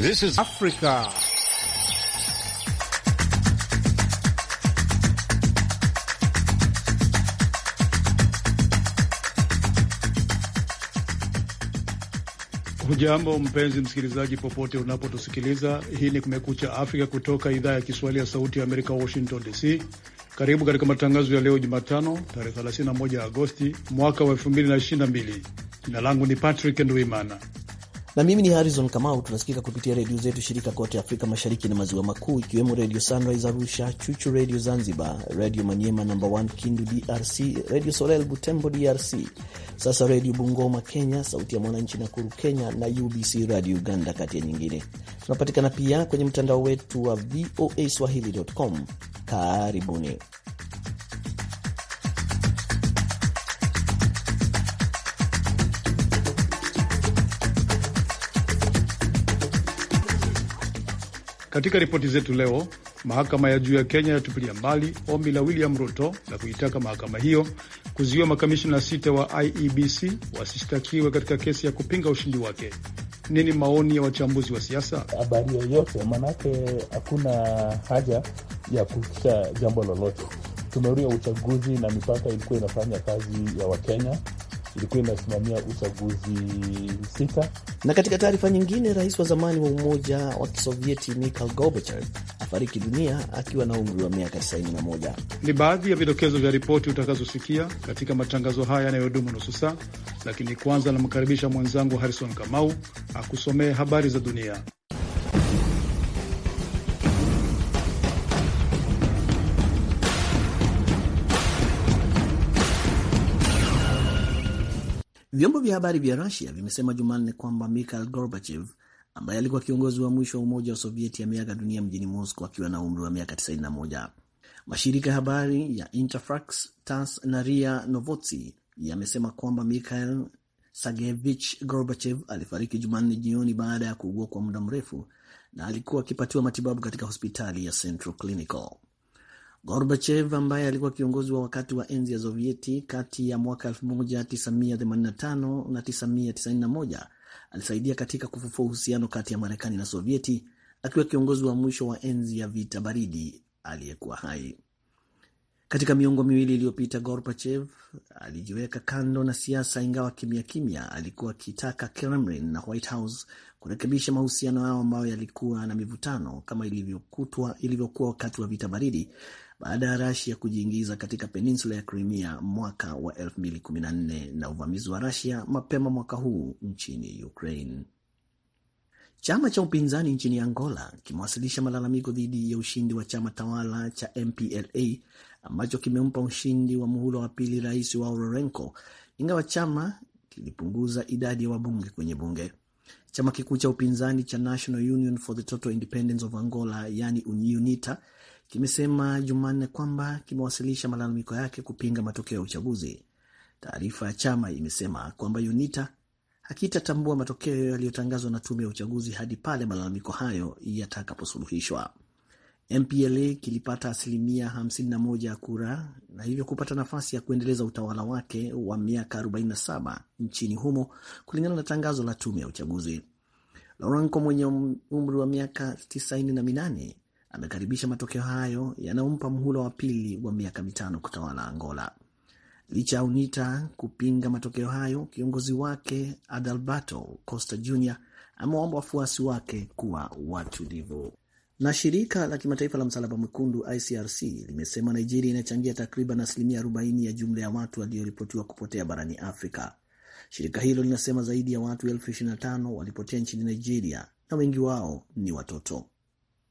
This is Africa. Hujambo mpenzi msikilizaji, popote unapotusikiliza. Hii ni Kumekucha Afrika kutoka idhaa ya Kiswahili ya Sauti ya Amerika, Washington DC. Karibu katika matangazo ya leo Jumatano, tarehe 31 Agosti mwaka wa 2022. Jina langu ni Patrick Nduimana na mimi ni Harrison Kamau. Tunasikika kupitia redio zetu shirika kote Afrika Mashariki na Maziwa Makuu, ikiwemo Redio Sunrise Arusha, Chuchu Redio Zanzibar, Redio Maniema namba 1 Kindu DRC, Redio Sorel Butembo DRC, sasa Redio Bungoma Kenya, Sauti ya Mwananchi Nakuru Kenya na UBC Radio Uganda, kati ya nyingine. Tunapatikana pia kwenye mtandao wetu wa VOA swahili.com. Karibuni. Katika ripoti zetu leo, mahakama ya juu ya Kenya yatupilia mbali ombi la William Ruto la kuitaka mahakama hiyo kuzuiwa makamishina sita wa IEBC wasishtakiwe katika kesi ya kupinga ushindi wake. Nini maoni ya wachambuzi wa siasa? Habari yoyote, manake hakuna haja ya kuhusisha jambo lolote. Tume huru ya uchaguzi na mipaka ilikuwa inafanya kazi ya Wakenya, ilikuwa inasimamia uchaguzi sita. Na katika taarifa nyingine, rais wa zamani wa Umoja wa Kisovieti Mikhail Gorbachev afariki dunia akiwa na umri wa miaka 91. Ni baadhi ya vidokezo vya ripoti utakazosikia katika matangazo haya yanayodumu nusu saa, lakini kwanza anamkaribisha mwenzangu Harrison Kamau akusomee habari za dunia. Vyombo vya habari vya Rusia vimesema Jumanne kwamba Mikhail Gorbachev ambaye alikuwa kiongozi wa mwisho wa Umoja wa Sovieti ameaga dunia mjini Moscow akiwa na umri wa miaka 91. Mashirika ya habari ya Interfax, TASS na RIA Novosti yamesema kwamba Mikhail Sergeyevich Gorbachev alifariki Jumanne jioni baada ya kuugua kwa muda mrefu na alikuwa akipatiwa matibabu katika hospitali ya Central Clinical. Gorbachev ambaye alikuwa kiongozi wa wakati wa enzi ya Sovieti kati ya mwaka 1985 na 1991 alisaidia katika kufufua uhusiano kati ya Marekani na Sovieti akiwa kiongozi wa mwisho wa enzi ya vita baridi aliyekuwa hai. Katika miongo miwili iliyopita, Gorbachev alijiweka kando na siasa, ingawa kimya kimya alikuwa akitaka Kremlin na White House kurekebisha mahusiano yao ambayo yalikuwa na mivutano kama ilivyokuwa wakati wa vita baridi, baada ya Rasia kujiingiza katika peninsula ya Crimea mwaka wa 2014 na uvamizi wa Rasia mapema mwaka huu nchini Ukraine. Chama cha upinzani nchini Angola kimewasilisha malalamiko dhidi ya ushindi wa chama tawala cha MPLA ambacho kimempa ushindi wa muhula wa pili rais wa Lourenco, ingawa chama kilipunguza idadi ya wabunge kwenye bunge. Chama kikuu cha upinzani cha National Union for the Total Independence of Angola, yani UNITA, kimesema Jumanne kwamba kimewasilisha malalamiko yake kupinga matokeo ya uchaguzi. Taarifa ya chama imesema kwamba UNITA hakitatambua matokeo yaliyotangazwa na tume ya uchaguzi hadi pale malalamiko hayo yatakaposuluhishwa. MPLA kilipata asilimia 51 ya kura na hivyo kupata nafasi ya kuendeleza utawala wake wa miaka 47 nchini humo kulingana na tangazo la tume ya uchaguzi. lorenco mwenye umri wa miaka 98 amekaribisha matokeo hayo yanayompa mhula wa pili wa miaka mitano kutawala Angola. Licha ya UNITA kupinga matokeo hayo, kiongozi wake Adalberto Costa Jr amewaomba wafuasi wake kuwa watulivu. Na shirika la kimataifa la msalaba mwekundu ICRC limesema Nigeria inachangia takriban asilimia 40 ya jumla ya watu walioripotiwa kupotea barani Afrika. Shirika hilo linasema zaidi ya watu elfu 25 walipotea nchini Nigeria na wengi wao ni watoto.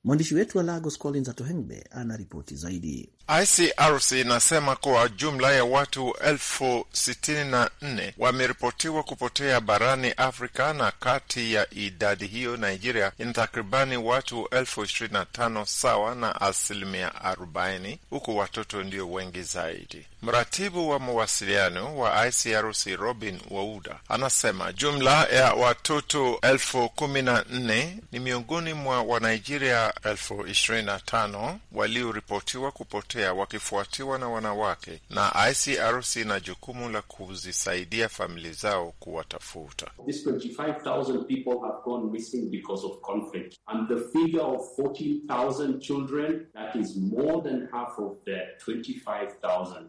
Mwandishi wetu wa Lagos Collins Atohengbe ana ripoti zaidi. ICRC inasema kuwa jumla ya watu elfu sitini na nne wameripotiwa kupotea barani Afrika, na kati ya idadi hiyo Nigeria ina takribani watu elfu ishirini na tano sawa na asilimia arobaini, huku watoto ndio wengi zaidi. Mratibu wa mawasiliano wa ICRC Robin Wauda anasema jumla ya watoto elfu kumi na nne ni miongoni mwa Wanigeria elfu ishirini na tano walioripotiwa kupotea kutetea wakifuatiwa na wanawake, na ICRC na jukumu la kuzisaidia famili zao kuwatafuta.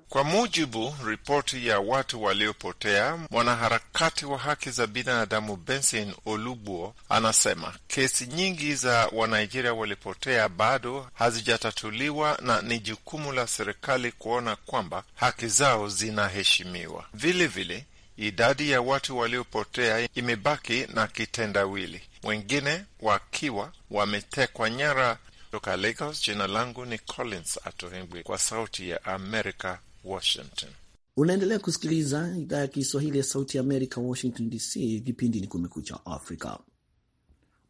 Kwa mujibu ripoti ya watu waliopotea, mwanaharakati wa haki za binadamu Benson Olubwo anasema kesi nyingi za Wanigeria walipotea bado hazijatatuliwa na ni jukumu jukumu la serikali kuona kwamba haki zao zinaheshimiwa. Vilevile, idadi ya watu waliopotea imebaki na kitendawili, wengine wakiwa wametekwa nyara. Toka Lagos, jina langu ni Collins Atohengwi, kwa Sauti ya Amerika, Washington. Unaendelea kusikiliza idhaa ya Kiswahili ya Sauti ya Amerika, Washington DC. Kipindi ni Kumekucha Afrika.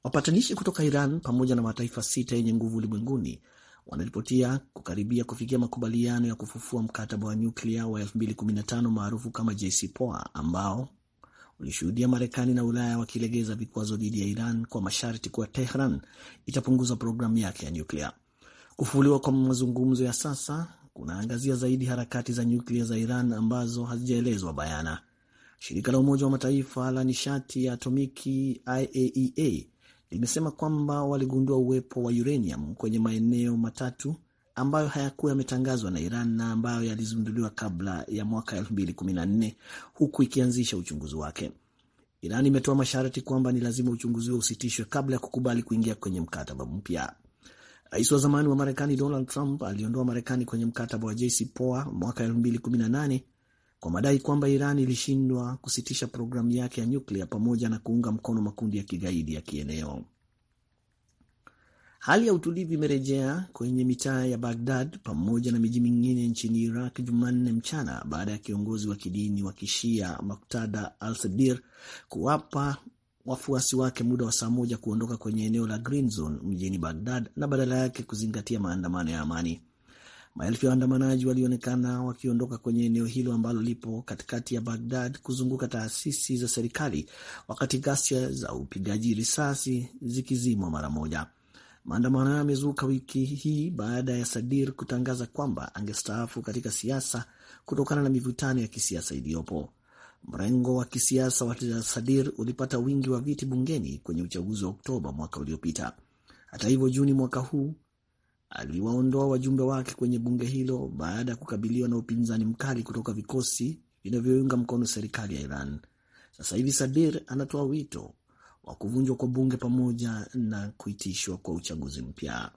Wapatanishi kutoka Iran pamoja na mataifa sita yenye nguvu ulimwenguni wanaripotia kukaribia kufikia makubaliano ya kufufua mkataba wa nyuklia wa 2015 maarufu kama JCPOA ambao ulishuhudia Marekani na Ulaya wakilegeza vikwazo dhidi ya Iran kwa masharti kuwa Tehran itapunguza programu yake ya nyuklia. Kufufuliwa kwa mazungumzo ya sasa kunaangazia zaidi harakati za nyuklia za Iran ambazo hazijaelezwa bayana. Shirika la Umoja wa Mataifa la nishati ya atomiki IAEA e limesema kwamba waligundua uwepo wa uranium kwenye maeneo matatu ambayo hayakuwa yametangazwa na Iran na ambayo yalizunduliwa kabla ya mwaka 2014 huku ikianzisha uchunguzi wake. Iran imetoa masharti kwamba ni lazima uchunguzi huo usitishwe kabla ya kukubali kuingia kwenye mkataba mpya. Rais wa zamani wa Marekani Donald Trump aliondoa Marekani kwenye mkataba wa JCPOA mwaka kwa madai kwamba Iran ilishindwa kusitisha programu yake ya nyuklia pamoja na kuunga mkono makundi ya kigaidi ya kieneo. Hali ya utulivu imerejea kwenye mitaa ya Bagdad pamoja na miji mingine nchini Iraq Jumanne mchana baada ya kiongozi wa kidini wa kishia Maktada al Sadir kuwapa wafuasi wake muda wa saa moja kuondoka kwenye eneo la Green Zone mjini Bagdad na badala yake kuzingatia maandamano ya amani. Maelfu ya waandamanaji walionekana wakiondoka kwenye eneo hilo ambalo lipo katikati ya Bagdad kuzunguka taasisi za serikali, wakati ghasia za upigaji risasi zikizimwa mara moja. Maandamano hayo yamezuka wiki hii baada ya Sadir kutangaza kwamba angestaafu katika siasa kutokana na mivutano ya kisiasa iliyopo. Mrengo wa kisiasa wa Sadir ulipata wingi wa viti bungeni kwenye uchaguzi wa Oktoba mwaka uliopita. Hata hivyo, Juni mwaka huu aliwaondoa wajumbe wake kwenye bunge hilo baada ya kukabiliwa na upinzani mkali kutoka vikosi vinavyounga mkono serikali ya Iran. Sasa hivi Sadir anatoa wito wa kuvunjwa kwa bunge pamoja na kuitishwa kwa uchaguzi mpya.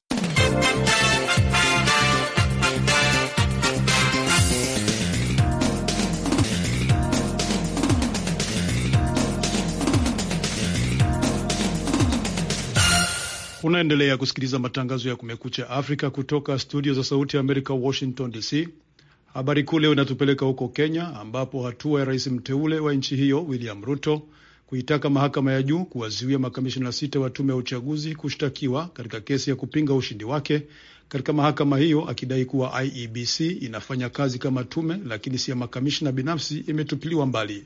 Unaendelea kusikiliza matangazo ya Kumekucha Afrika kutoka studio za Sauti ya Amerika, Washington DC. Habari kuu leo inatupeleka huko Kenya, ambapo hatua ya rais mteule wa nchi hiyo William Ruto kuitaka mahakama ya juu kuwazuia makamishina sita wa tume ya uchaguzi kushtakiwa katika kesi ya kupinga ushindi wake katika mahakama hiyo, akidai kuwa IEBC inafanya kazi kama tume lakini si ya makamishina binafsi, imetupiliwa mbali.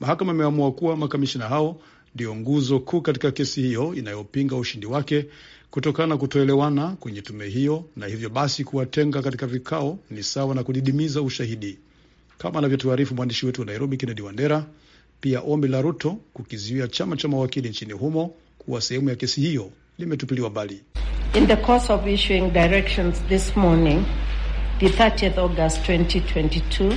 Mahakama imeamua kuwa makamishina hao ndiyo nguzo kuu katika kesi hiyo inayopinga ushindi wake kutokana na kutoelewana kwenye tume hiyo, na hivyo basi kuwatenga katika vikao ni sawa na kudidimiza ushahidi, kama anavyotuarifu mwandishi wetu wa Nairobi, Kennedy Wandera. Pia ombi la Ruto kukizuia chama cha mawakili nchini humo kuwa sehemu ya kesi hiyo limetupiliwa mbali. In the course of issuing directions this morning, the 30th August 2022,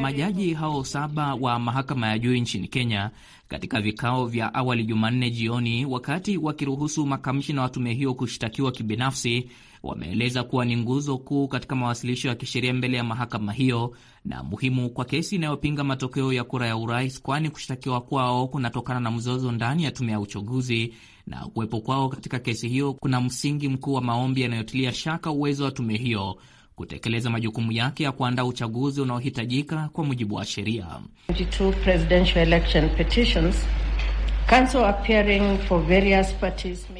Majaji hao saba wa mahakama ya juu nchini Kenya katika vikao vya awali Jumanne jioni, wakati wakiruhusu makamishina wa tume hiyo kushtakiwa kibinafsi, wameeleza kuwa ni nguzo kuu katika mawasilisho ya kisheria mbele ya mahakama hiyo na muhimu kwa kesi inayopinga matokeo ya kura ya urais, kwani kushtakiwa kwao kunatokana na mzozo ndani ya tume ya uchaguzi na kuwepo kwao katika kesi hiyo kuna msingi mkuu wa maombi yanayotilia shaka uwezo wa tume hiyo kutekeleza majukumu yake ya kuandaa uchaguzi unaohitajika kwa mujibu wa sheria.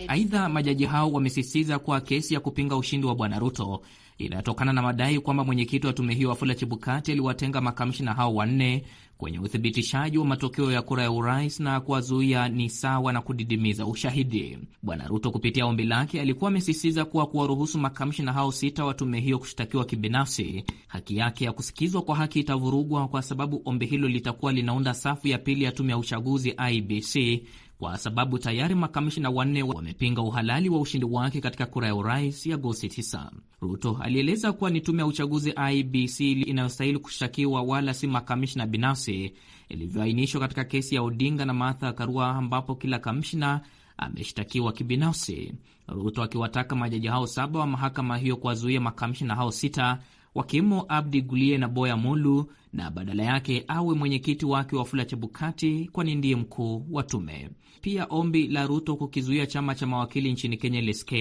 Aidha, majaji hao wamesisitiza kuwa kesi ya kupinga ushindi wa Bwana Ruto inayotokana na madai kwamba mwenyekiti wa tume hiyo Wafula chibukati aliwatenga makamishina hao wanne kwenye uthibitishaji wa matokeo ya kura ya urais na kuwazuia ni sawa na kudidimiza ushahidi. Bwana Ruto kupitia ombi lake alikuwa amesisitiza kuwa kuwaruhusu makamishina hao sita wa tume hiyo kushtakiwa kibinafsi, haki yake ya kusikizwa kwa haki itavurugwa, kwa sababu ombi hilo litakuwa linaunda safu ya pili ya tume ya uchaguzi IBC kwa sababu tayari makamishina wanne wamepinga uhalali wa ushindi wake katika kura ya urais ya Agosti 9. Ruto alieleza kuwa ni tume ya uchaguzi IBC inayostahili kushtakiwa wala si makamishina binafsi, ilivyoainishwa katika kesi ya Odinga na Martha Karua, ambapo kila kamishina ameshtakiwa kibinafsi. Ruto akiwataka majaji hao saba wa mahakama hiyo kuwazuia makamishina hao sita wakiwemo Abdi Gulie na Boya Mulu, na badala yake awe mwenyekiti wake Wafula Chebukati, kwani ndiye mkuu wa tume. Pia ombi la Ruto kukizuia chama cha mawakili nchini Kenya LSK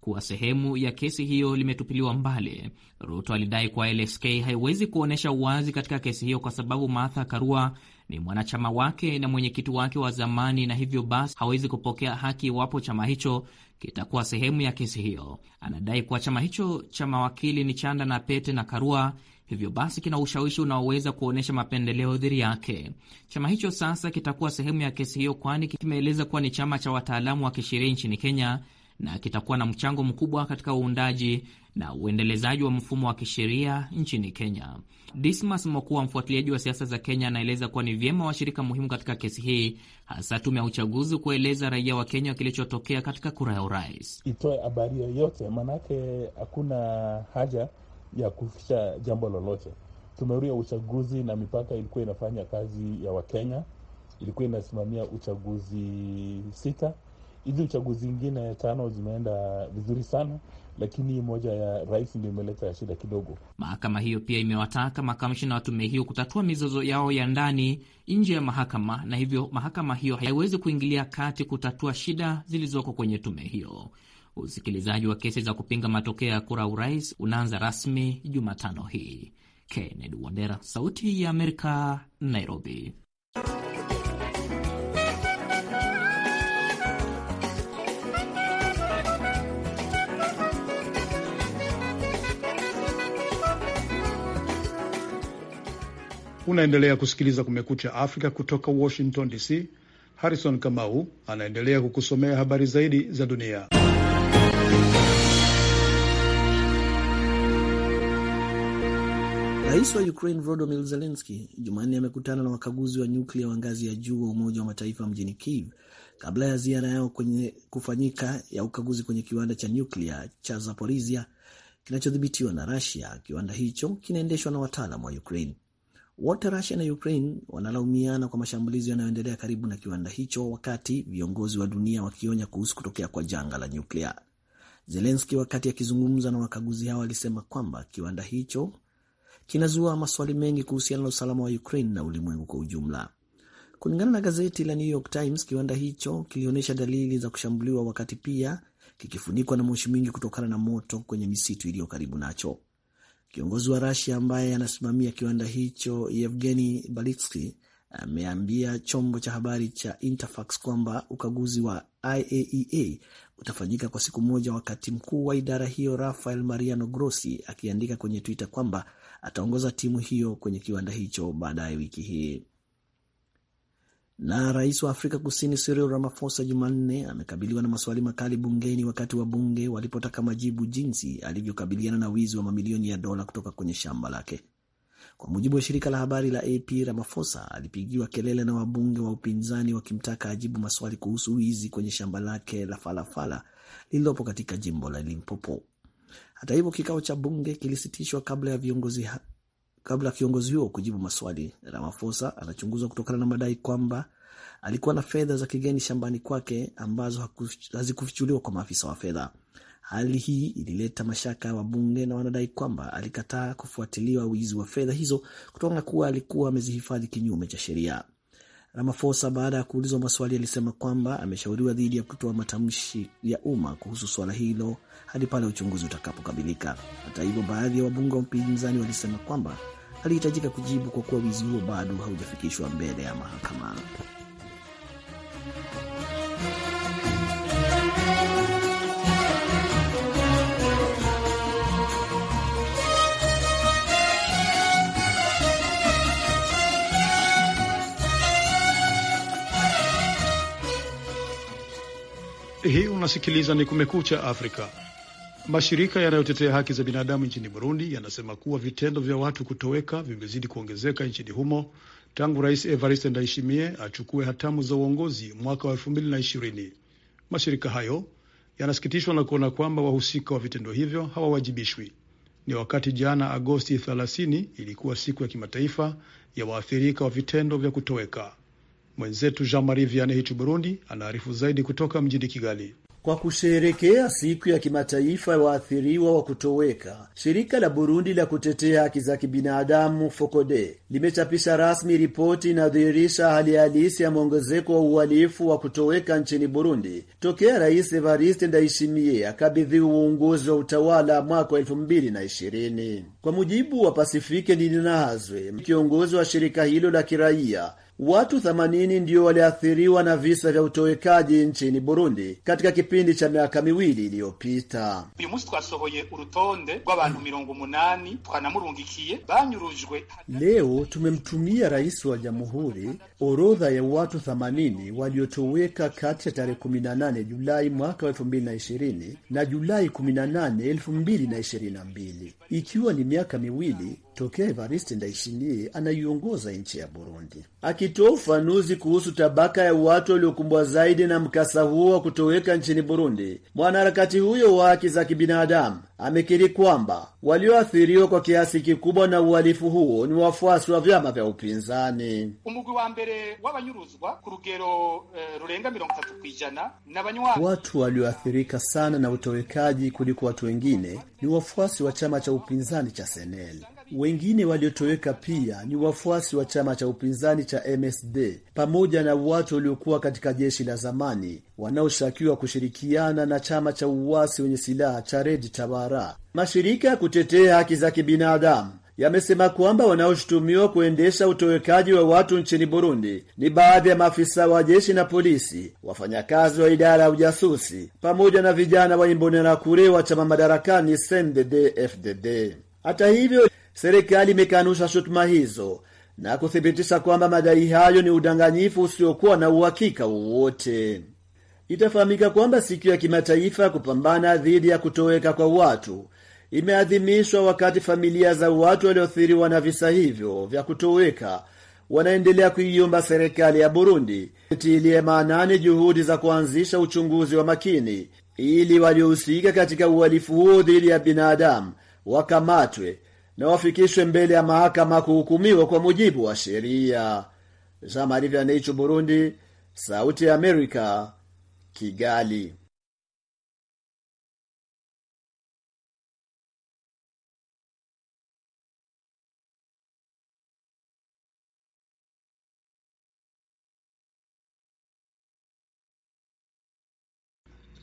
kuwa sehemu ya kesi hiyo limetupiliwa mbali. Ruto alidai kuwa LSK haiwezi kuonyesha uwazi katika kesi hiyo kwa sababu Martha Karua ni mwanachama wake na mwenyekiti wake wa zamani, na hivyo basi hawezi kupokea haki iwapo chama hicho kitakuwa sehemu ya kesi hiyo. Anadai kuwa chama hicho cha mawakili ni chanda na pete na Karua, hivyo basi kina ushawishi unaoweza kuonyesha mapendeleo dhidi yake. Chama hicho sasa kitakuwa sehemu ya kesi hiyo, kwani kimeeleza kuwa ni chama cha wataalamu wa kisheria nchini Kenya na kitakuwa na mchango mkubwa katika uundaji na uendelezaji wa mfumo wa kisheria nchini Kenya. Dismas Mokua, mfuatiliaji wa siasa za Kenya, anaeleza kuwa ni vyema washirika muhimu katika kesi hii, hasa tume ya uchaguzi, kueleza raia wa Kenya kilichotokea katika kura ya urais, itoe habari yoyote, maanake hakuna haja ya kuficha jambo lolote. Tume huru ya uchaguzi na mipaka ilikuwa inafanya kazi ya Wakenya, ilikuwa inasimamia uchaguzi sita. Hizi uchaguzi ingine tano zimeenda vizuri sana lakini moja ya rais ndio imeleta shida kidogo. Mahakama hiyo pia imewataka makamishina wa tume hiyo kutatua mizozo yao ya ndani nje ya mahakama, na hivyo mahakama hiyo haiwezi kuingilia kati kutatua shida zilizoko kwenye tume hiyo. Usikilizaji wa kesi za kupinga matokeo ya kura urais unaanza rasmi Jumatano hii. Kennedy Wandera, Sauti ya Amerika, Nairobi. Unaendelea kusikiliza Kumekucha Afrika kutoka Washington DC. Harrison Kamau anaendelea kukusomea habari zaidi za dunia. Rais wa Ukraine Volodymyr Zelensky Jumanne amekutana na wakaguzi wa nyuklia wa ngazi ya juu wa Umoja wa Mataifa mjini Kiev kabla ya ziara yao kwenye kufanyika ya ukaguzi kwenye kiwanda cha nyuklia cha Zaporizhia kinachodhibitiwa na rasia Kiwanda hicho kinaendeshwa na wataalam wa Ukraine. Wote Russia na Ukraine wanalaumiana kwa mashambulizi yanayoendelea karibu na kiwanda hicho, wakati viongozi wa dunia wakionya kuhusu kutokea kwa janga la nyuklia. Zelenski, wakati akizungumza na wakaguzi hao, alisema kwamba kiwanda hicho kinazua maswali mengi kuhusiana na usalama wa Ukraine na ulimwengu kwa ujumla. Kulingana na gazeti la New York Times, kiwanda hicho kilionyesha dalili za kushambuliwa, wakati pia kikifunikwa na moshi mwingi kutokana na moto kwenye misitu iliyo karibu nacho. Kiongozi wa Rasia ambaye anasimamia kiwanda hicho Yevgeni balitski ameambia chombo cha habari cha Interfax kwamba ukaguzi wa IAEA e utafanyika kwa siku moja, wakati mkuu wa idara hiyo Rafael Mariano Grossi akiandika kwenye Twitter kwamba ataongoza timu hiyo kwenye kiwanda hicho baadaye wiki hii. Na rais wa Afrika Kusini Cyril Ramaphosa Jumanne amekabiliwa na maswali makali bungeni wakati wa bunge walipotaka majibu jinsi alivyokabiliana na wizi wa mamilioni ya dola kutoka kwenye shamba lake. Kwa mujibu wa shirika la habari la AP, Ramaphosa alipigiwa kelele na wabunge wa upinzani wakimtaka ajibu maswali kuhusu wizi kwenye shamba lake la falafala lililopo katika jimbo la Limpopo. Hata hivyo, kikao cha bunge kilisitishwa kabla ya viongozi Kabla kiongozi huo kujibu maswali, Ramafosa anachunguzwa kutokana na madai kwamba alikuwa na fedha za kigeni shambani kwake ambazo hazikufichuliwa kwa maafisa wa fedha. Hali hii ilileta mashaka ya wabunge na wanadai kwamba alikataa kufuatiliwa wizi wa fedha hizo kutokana na kuwa alikuwa amezihifadhi kinyume cha sheria. Ramafosa baada ya kuulizwa maswali alisema kwamba ameshauriwa dhidi ya kutoa matamshi ya umma kuhusu swala hilo hadi pale uchunguzi utakapokamilika. Hata hivyo, baadhi ya wabunge wa upinzani walisema kwamba alihitajika kujibu kwa kuwa wizi huo bado haujafikishwa mbele ya mahakama. Hii unasikiliza ni Kumekucha Afrika. Mashirika yanayotetea haki za binadamu nchini Burundi yanasema kuwa vitendo vya watu kutoweka vimezidi kuongezeka nchini humo tangu Rais Evariste Ndayishimiye achukue hatamu za uongozi mwaka wa elfu mbili na ishirini. Mashirika hayo yanasikitishwa na kuona kwamba wahusika wa vitendo hivyo hawawajibishwi. Ni wakati jana Agosti 30 ilikuwa siku ya kimataifa ya waathirika wa vitendo vya kutoweka. Mwenzetu Jean Marie Vianney Burundi anaarifu zaidi kutoka mjini Kigali kwa kusherehekea siku ya kimataifa ya waathiriwa wa kutoweka, shirika la Burundi la kutetea haki za kibinadamu Fokode limechapisha rasmi ripoti inayodhihirisha hali halisi ya mwongezeko wa uhalifu wa kutoweka nchini Burundi tokea Rais Evariste Ndayishimiye akabidhi uongozi wa utawala mwaka wa elfu mbili na ishirini. Kwa mujibu wa Pasifike Nininahazwe, kiongozi wa shirika hilo la kiraia Watu 80 ndio waliathiriwa na visa vya utowekaji nchini Burundi katika kipindi cha miaka miwili iliyopita. Uyu munsi twasohoye urutonde rw'abantu mirongo twanamurungikiye banyurujwe. Leo tumemtumia rais wa jamhuri orodha ya watu 80 waliotoweka kati ya tarehe 18 Julai mwaka 2020 na Julai 18, 2022 ikiwa ni miaka miwili tokea Evariste Ndayishimiye anaiongoza nchi ya Burundi, akitoa ufanuzi kuhusu tabaka ya watu waliokumbwa zaidi na mkasa huo wa kutoweka nchini Burundi. Mwanaharakati huyo wa haki za kibinadamu amekiri kwamba walioathiriwa kwa kiasi kikubwa na uhalifu huo ni wafuasi wa vyama vya upinzani. umugwi wa mbere w'abanyuruzwa ku rugero eh, rurenga mirongo kwijana na banywa. Watu walioathirika sana na utowekaji kuliko watu wengine ni wafuasi wa chama cha upinzani cha Senel. Wengine waliotoweka pia ni wafuasi wa chama cha upinzani cha MSD pamoja na watu waliokuwa katika jeshi la zamani wanaoshukiwa kushirikiana na chama cha uasi wenye silaha cha Red Tabara. Mashirika ya kutetea haki za kibinadamu yamesema kwamba wanaoshutumiwa kuendesha utowekaji wa watu nchini Burundi ni baadhi ya maafisa wa jeshi na polisi, wafanyakazi wa idara ya ujasusi pamoja na vijana wa Imbonerakure wa chama madarakani CNDD-FDD. Hata hivyo, serikali imekanusha shutuma hizo na kuthibitisha kwamba madai hayo ni udanganyifu usiokuwa na uhakika wowote. Itafahamika kwamba siku ya kimataifa kupambana dhidi ya kutoweka kwa watu imeadhimishwa wakati familia za watu walioathiriwa na visa hivyo vya kutoweka wanaendelea kuiomba serikali ya Burundi itilie maanani juhudi za kuanzisha uchunguzi wa makini ili waliohusika katika uhalifu huo dhidi ya binadamu wakamatwe na wafikishwe mbele ya mahakama kuhukumiwa kwa mujibu wa sheria. Jean-Marie Burundi, Sauti ya Amerika, Kigali.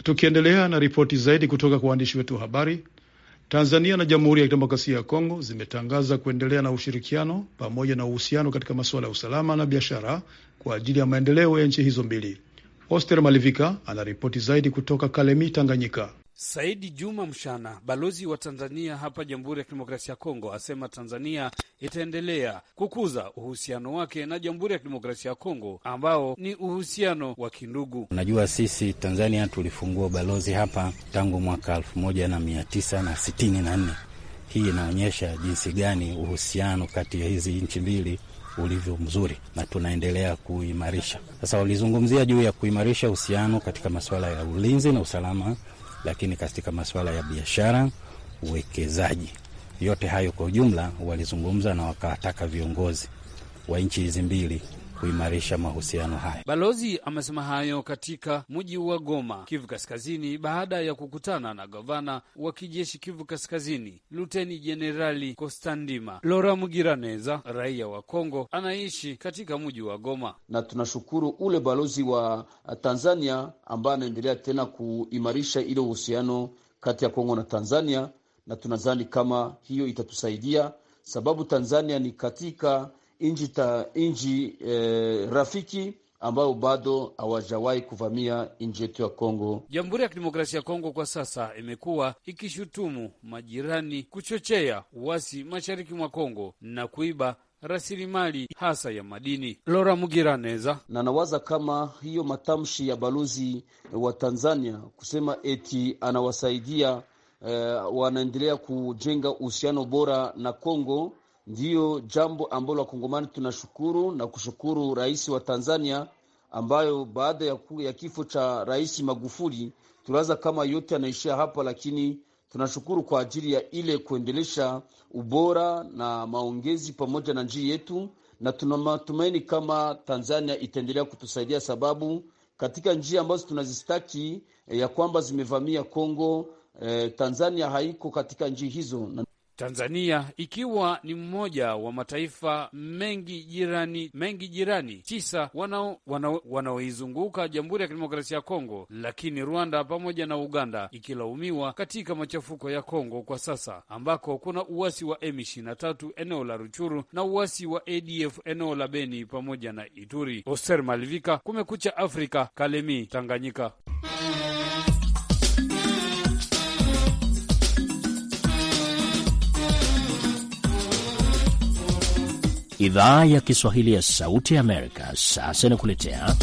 Tukiendelea na ripoti zaidi kutoka kwa waandishi wetu wa habari. Tanzania na Jamhuri ya Kidemokrasia ya Kongo zimetangaza kuendelea na ushirikiano pamoja na uhusiano katika masuala ya usalama na biashara kwa ajili ya maendeleo ya nchi hizo mbili. Oster Malivika anaripoti zaidi kutoka Kalemi, Tanganyika. Saidi Juma Mshana, balozi wa Tanzania hapa Jamhuri ya Kidemokrasia ya Kongo, asema Tanzania itaendelea kukuza uhusiano wake na Jamhuri ya Kidemokrasia ya Kongo ambao ni uhusiano wa kindugu. Unajua, sisi Tanzania tulifungua balozi hapa tangu mwaka elfu moja na mia tisa na sitini na nne. Hii inaonyesha jinsi gani uhusiano kati ya hizi nchi mbili ulivyo mzuri na tunaendelea kuimarisha. Sasa walizungumzia juu ya kuimarisha uhusiano katika masuala ya ulinzi na usalama lakini katika masuala ya biashara, uwekezaji, yote hayo kwa ujumla walizungumza na wakawataka viongozi wa nchi hizi mbili kuimarisha mahusiano haya. Balozi amesema hayo katika mji wa Goma, Kivu Kaskazini, baada ya kukutana na gavana wa kijeshi Kivu Kaskazini, Luteni Jenerali Kostandima Lora Mugiraneza, raia wa Kongo anaishi katika mji wa Goma, na tunashukuru ule balozi wa Tanzania ambaye anaendelea tena kuimarisha ile uhusiano kati ya Kongo na Tanzania, na tunadhani kama hiyo itatusaidia sababu Tanzania ni katika nchi ta nchi eh, rafiki ambao bado hawajawahi kuvamia nchi yetu ya Kongo. Jamhuri ya Kidemokrasia ya Kongo kwa sasa imekuwa ikishutumu majirani kuchochea uasi mashariki mwa Kongo na kuiba rasilimali hasa ya madini. Lora Mugiraneza na nawaza kama hiyo matamshi ya balozi wa Tanzania kusema eti anawasaidia eh, wanaendelea kujenga uhusiano bora na Kongo ndiyo jambo ambalo wakongomani tunashukuru na kushukuru rais wa Tanzania, ambayo baada ya, ya kifo cha rais Magufuli tuliwaza kama yote yanaishia hapa, lakini tunashukuru kwa ajili ya ile kuendelesha ubora na maongezi pamoja na njii yetu, na tuna matumaini kama Tanzania itaendelea kutusaidia sababu katika njia ambazo tunazistaki eh, ya kwamba zimevamia Kongo, eh, Tanzania haiko katika njii hizo. Tanzania ikiwa ni mmoja wa mataifa mengi jirani mengi jirani tisa wanaoizunguka wana, wana Jamhuri ya Kidemokrasia ya Kongo, lakini Rwanda pamoja na Uganda ikilaumiwa katika machafuko ya Kongo kwa sasa, ambako kuna uasi wa M23 eneo la Ruchuru na uasi wa ADF eneo la Beni pamoja na Ituri. Oser Malivika, Kumekucha Afrika, Kalemi, Tanganyika. Idhaa ya Kiswahili ya Sauti ya Amerika sasa inakuletea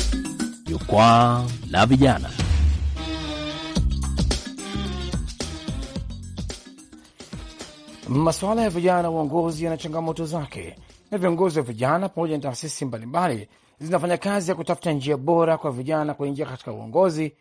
jukwaa la vijana. Masuala ya vijana na uongozi yana changamoto zake, na viongozi wa vijana pamoja na taasisi mbalimbali zinafanya kazi ya kutafuta njia bora kwa vijana kuingia katika uongozi.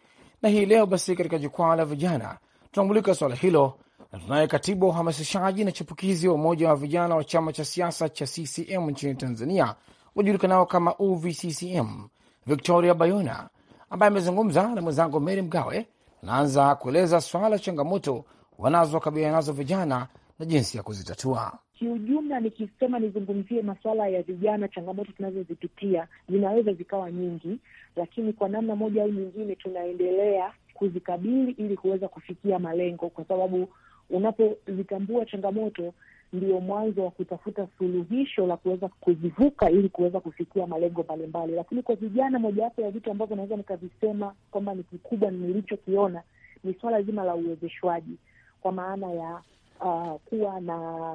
Na hii leo basi, katika jukwaa la vijana tunamulika swala hilo na tunaye katibu wa uhamasishaji na chipukizi wa umoja wa vijana wa chama cha siasa cha CCM nchini Tanzania wajulikanao kama UVCCM, Victoria Bayona, ambaye amezungumza na mwenzangu Mary Mgawe. Anaanza kueleza swala changamoto wanazokabiliana nazo vijana na jinsi ya kuzitatua. Kiujumla, nikisema nizungumzie masuala ya vijana, changamoto tunazozipitia zinaweza zikawa nyingi, lakini kwa namna moja au nyingine tunaendelea kuzikabili ili kuweza kufikia malengo, kwa sababu unapozitambua changamoto ndio mwanzo wa kutafuta suluhisho la kuweza kuzivuka ili kuweza kufikia malengo mbalimbali. Lakini kwa vijana, mojawapo ya vitu ambavyo naweza nikavisema kwamba ni kikubwa nilichokiona ni swala zima la uwezeshwaji, kwa maana ya uh, kuwa na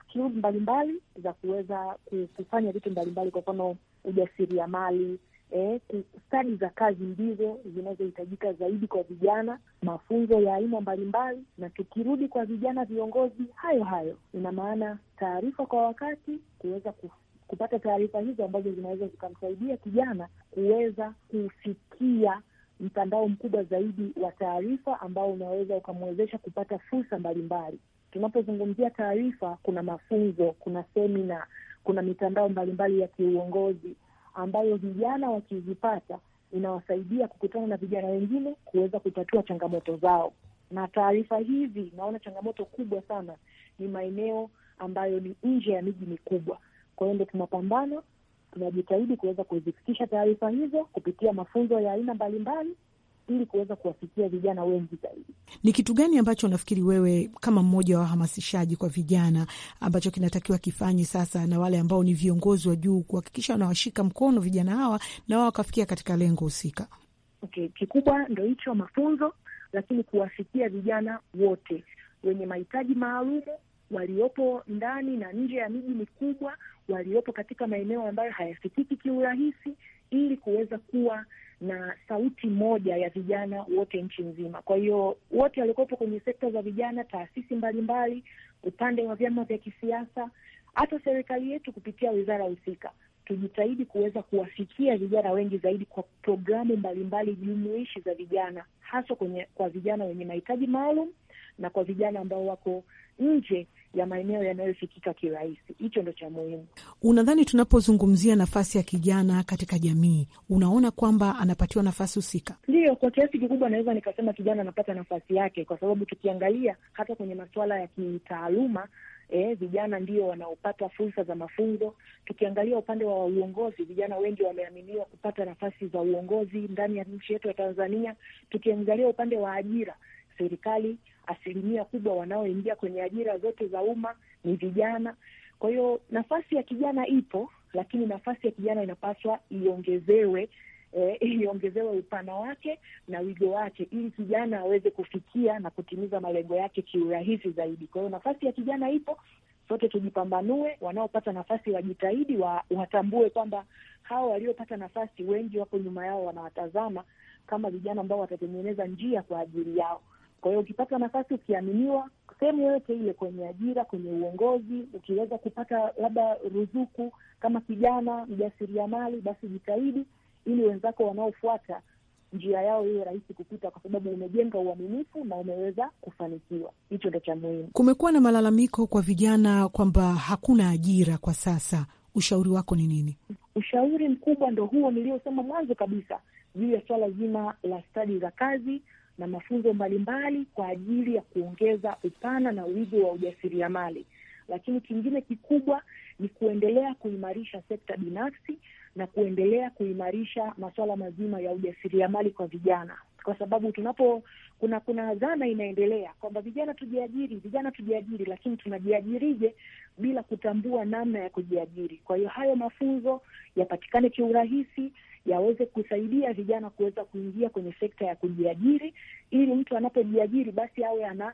skills mbalimbali za kuweza kufanya vitu mbalimbali, kwa mfano ujasiriamali eh, stadi za kazi ndizo zinazohitajika zaidi kwa vijana, mafunzo ya aina mbalimbali. Na tukirudi kwa vijana viongozi, hayo hayo, ina maana taarifa kwa wakati, kuweza kupata taarifa hizo ambazo zinaweza zikamsaidia kijana kuweza kufikia mtandao mkubwa zaidi wa taarifa ambao unaweza ukamwezesha kupata fursa mbalimbali. Tunapozungumzia taarifa, kuna mafunzo, kuna semina, kuna mitandao mbalimbali ya kiuongozi ambayo vijana wakizipata inawasaidia kukutana na vijana wengine kuweza kutatua changamoto zao. Na taarifa hizi, naona changamoto kubwa sana ni maeneo ambayo ni nje ya miji mikubwa. Kwa hiyo ndo tunapambana, tunajitahidi kuweza kuzifikisha taarifa hizo kupitia mafunzo ya aina mbalimbali ili kuweza kuwafikia vijana wengi zaidi. Ni kitu gani ambacho unafikiri wewe kama mmoja wa wahamasishaji kwa vijana ambacho kinatakiwa kifanye sasa, na wale ambao ni viongozi wa juu kuhakikisha wanawashika mkono vijana hawa na wao wakafikia katika lengo husika? Okay, kikubwa ndo hicho mafunzo, lakini kuwafikia vijana wote wenye mahitaji maalumu waliopo ndani na nje ya miji mikubwa, waliopo katika maeneo ambayo hayafikiki kiurahisi, ili kuweza kuwa na sauti moja ya vijana wote nchi nzima. Kwa hiyo wote waliokopo kwenye sekta za vijana, taasisi mbalimbali upande wa vyama vya kisiasa, hata serikali yetu kupitia wizara husika, tujitahidi kuweza kuwafikia vijana wengi zaidi kwa programu mbalimbali jumuishi za vijana, haswa kwenye kwa vijana wenye mahitaji maalum na kwa vijana ambao wako nje ya maeneo yanayofikika kirahisi. Hicho ndo cha muhimu. Unadhani tunapozungumzia nafasi ya kijana katika jamii, unaona kwamba anapatiwa nafasi husika? Ndiyo, kwa kiasi kikubwa naweza nikasema kijana anapata nafasi yake, kwa sababu tukiangalia hata kwenye masuala ya kitaaluma E, vijana ndio wanaopata fursa za mafunzo. Tukiangalia upande wa uongozi, vijana wengi wameaminiwa kupata nafasi za uongozi ndani ya nchi yetu ya Tanzania. Tukiangalia upande wa ajira, serikali. Asilimia kubwa wanaoingia kwenye ajira zote za umma ni vijana. Kwa hiyo nafasi ya kijana ipo, lakini nafasi ya kijana inapaswa iongezewe, eh, iongezewe upana wake na wigo wake, ili kijana aweze kufikia na kutimiza malengo yake kiurahisi zaidi. Kwa hiyo nafasi ya kijana ipo, sote tujipambanue. Wanaopata nafasi wajitahidi, wa, watambue kwamba hawa waliopata nafasi wengi wako nyuma yao wanawatazama kama vijana ambao watatengeneza njia kwa ajili yao. Kwa hiyo ukipata nafasi, ukiaminiwa sehemu yoyote ile, kwenye ajira, kwenye uongozi, ukiweza kupata labda ruzuku kama kijana mjasiriamali, basi jitahidi ili wenzako wanaofuata njia yao iwe rahisi kupita, kwa sababu umejenga uaminifu na umeweza kufanikiwa. Hicho ndo cha muhimu. Kumekuwa na malalamiko kwa vijana kwamba hakuna ajira kwa sasa, ushauri wako ni nini? Ushauri mkubwa ndo huo niliosema mwanzo kabisa juu ya swala zima la stadi za kazi na mafunzo mbalimbali kwa ajili ya kuongeza upana na wigo wa ujasiriamali. Lakini kingine kikubwa ni kuendelea kuimarisha sekta binafsi na kuendelea kuimarisha masuala mazima ya ujasiriamali kwa vijana kwa sababu tunapo kuna kuna dhana inaendelea kwamba vijana tujiajiri, vijana tujiajiri, lakini tunajiajirije bila kutambua namna ya kujiajiri? Kwa hiyo hayo mafunzo yapatikane kiurahisi, yaweze kusaidia vijana kuweza kuingia kwenye sekta ya kujiajiri, ili mtu anapojiajiri basi awe ana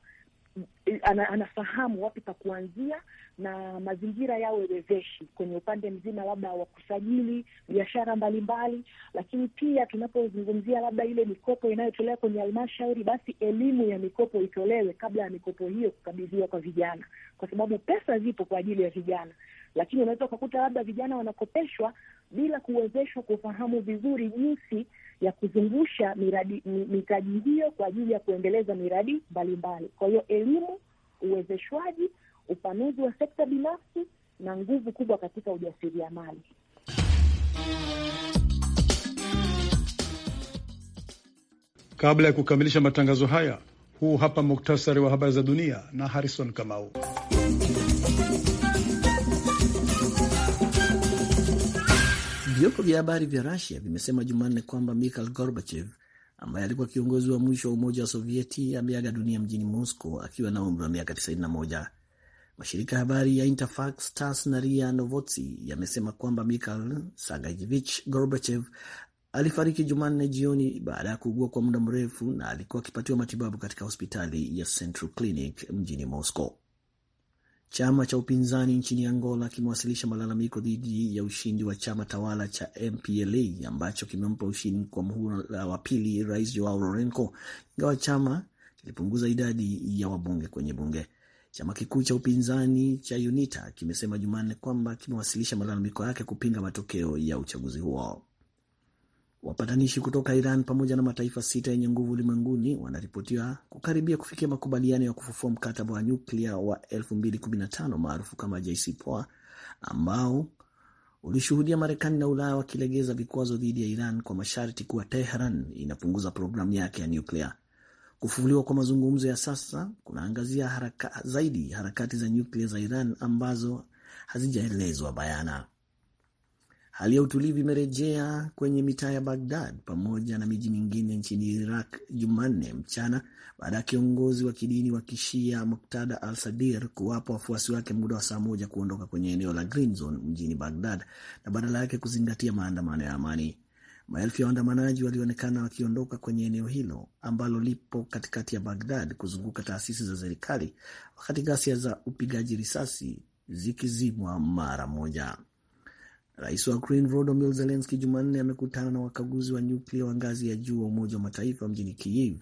ana, anafahamu wapi pa kuanzia na mazingira yawe wezeshi kwenye upande mzima labda wa kusajili biashara mbalimbali, lakini pia tunapozungumzia labda ile mikopo inayotolewa kwenye halmashauri, basi elimu ya mikopo itolewe kabla ya mikopo hiyo kukabidhiwa kwa vijana, kwa sababu pesa zipo kwa ajili ya vijana lakini unaweza ukakuta labda vijana wanakopeshwa bila kuwezeshwa kufahamu vizuri jinsi ya kuzungusha miradi mitaji hiyo kwa ajili ya kuendeleza miradi mbalimbali. Kwa hiyo elimu, uwezeshwaji, upanuzi wa sekta binafsi na nguvu kubwa katika ujasiriamali. Kabla ya kukamilisha matangazo haya, huu hapa muktasari wa habari za dunia na Harrison Kamau. Vyombo vya habari vya Rusia vimesema Jumanne kwamba Mikhail Gorbachev ambaye alikuwa kiongozi wa mwisho wa Umoja wa Sovieti ameaga dunia mjini Moscow akiwa na umri wa miaka 91. Mashirika ya habari ya Interfax, TASS na RIA Novosti yamesema kwamba Mikhail Saakashvili Gorbachev alifariki Jumanne jioni baada ya kuugua kwa muda mrefu na alikuwa akipatiwa matibabu katika hospitali ya Central Clinic mjini Moscow. Chama cha upinzani nchini Angola kimewasilisha malalamiko dhidi ya ushindi wa chama tawala cha MPLA ambacho kimempa ushindi kwa muhula wa pili Rais Joao Lourenco, ingawa chama kilipunguza idadi ya wabunge kwenye bunge. Chama kikuu cha upinzani cha UNITA kimesema Jumanne kwamba kimewasilisha malalamiko yake kupinga matokeo ya uchaguzi huo. Wapatanishi kutoka Iran pamoja na mataifa sita yenye nguvu ulimwenguni wanaripotiwa kukaribia kufikia makubaliano ya kufufua mkataba wa nyuklia wa 2015 maarufu kama JCPOA ambao ulishuhudia Marekani na Ulaya wakilegeza vikwazo dhidi ya Iran kwa masharti kuwa Teheran inapunguza programu yake ya nyuklia. Kufufuliwa kwa mazungumzo ya sasa kunaangazia haraka zaidi harakati za nyuklia za Iran ambazo hazijaelezwa bayana. Hali ya utulivu imerejea kwenye mitaa ya bagdad pamoja na miji mingine nchini Iraq Jumanne mchana baada ya kiongozi wa kidini wa kishia Muktada al Sadir kuwapa wafuasi wake muda wa saa moja kuondoka kwenye eneo la Green Zone mjini bagdad na badala yake kuzingatia maandamano ya amani. Maelfu ya waandamanaji walionekana wakiondoka kwenye eneo hilo ambalo lipo katikati ya bagdad kuzunguka taasisi za serikali, wakati ghasia za upigaji risasi zikizimwa mara moja. Rais wa Ukraine Volodymyr Zelensky Jumanne amekutana na wakaguzi wa nyuklia wa ngazi ya juu wa Umoja wa Mataifa mjini Kiev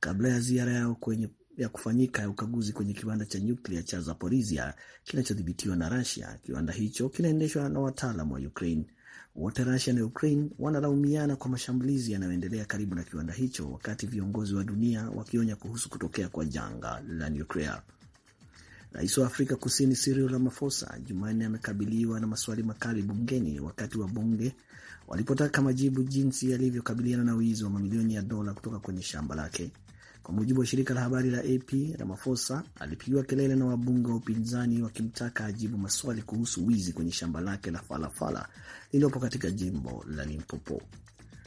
kabla ya ziara yao kwenye ya kufanyika ya ukaguzi kwenye kiwanda cha nyuklia cha Zaporizhia kinachodhibitiwa na Russia. Kiwanda hicho kinaendeshwa na wataalam wa Ukraine. Wote Russia na Ukraine wanalaumiana kwa mashambulizi yanayoendelea karibu na kiwanda hicho, wakati viongozi wa dunia wakionya kuhusu kutokea kwa janga la nyuklia. Rais wa Afrika Kusini Cyril Ramaphosa Jumanne amekabiliwa na maswali makali bungeni wakati wa bunge walipotaka majibu jinsi yalivyokabiliana na wizi wa mamilioni ya dola kutoka kwenye shamba lake. Kwa mujibu wa shirika la habari la AP, Ramaphosa alipigiwa kelele na wabunge wa upinzani wakimtaka ajibu maswali kuhusu wizi kwenye shamba lake la Falafala lililopo katika jimbo la Limpopo.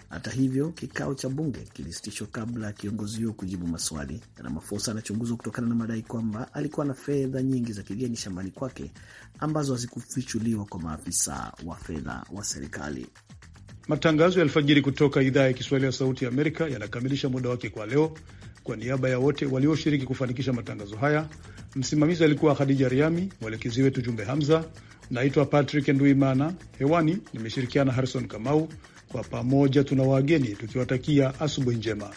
Hata hivyo, kikao cha bunge kilisitishwa kabla ya kiongozi huyo kujibu maswali. ramafosa anachunguzwa kutokana na madai kwamba alikuwa na fedha nyingi za kigeni shambani kwake ambazo hazikufichuliwa kwa maafisa wa fedha wa serikali. Matangazo ya alfajiri kutoka idhaa ya Kiswahili ya Sauti ya Amerika yanakamilisha muda wake kwa leo. Kwa niaba ya wote walioshiriki kufanikisha matangazo haya, msimamizi alikuwa Khadija Riami, mwelekezi wetu Jumbe Hamza. Naitwa Patrick Nduimana, hewani nimeshirikiana Harrison Kamau. Kwa pamoja tuna wageni tukiwatakia asubuhi njema.